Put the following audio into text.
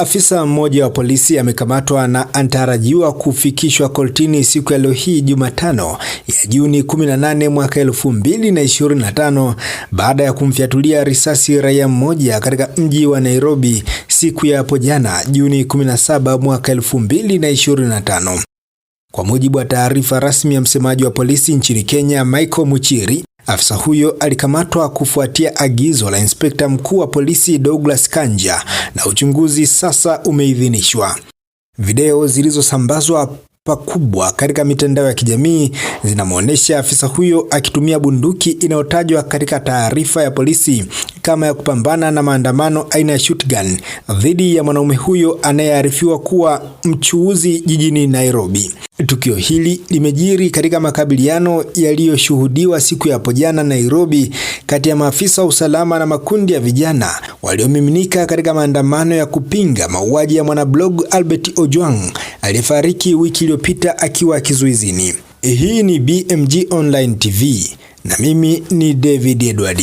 Afisa mmoja wa polisi amekamatwa na anatarajiwa kufikishwa kortini siku ya leo hii Jumatano ya Juni 18 mwaka 2025 baada ya kumfyatulia risasi raia mmoja katika mji wa Nairobi siku ya hapo jana Juni 17 mwaka 2025. Kwa mujibu wa taarifa rasmi ya msemaji wa polisi nchini Kenya, Michael Muchiri, Afisa huyo alikamatwa kufuatia agizo la inspekta mkuu wa polisi Douglas Kanja na uchunguzi sasa umeidhinishwa. Video zilizosambazwa pakubwa katika mitandao ya kijamii zinamwonyesha afisa huyo akitumia bunduki inayotajwa katika taarifa ya polisi kama ya kupambana na maandamano aina ya shotgun dhidi ya mwanaume huyo anayearifiwa kuwa mchuuzi jijini Nairobi. Tukio hili limejiri katika makabiliano yaliyoshuhudiwa siku ya hapo jana Nairobi, kati ya maafisa wa usalama na makundi ya vijana waliomiminika katika maandamano ya kupinga mauaji ya mwanablog Albert Ojwang alifariki wiki iliyopita akiwa kizuizini. Hii ni BMG Online TV na mimi ni David Edward.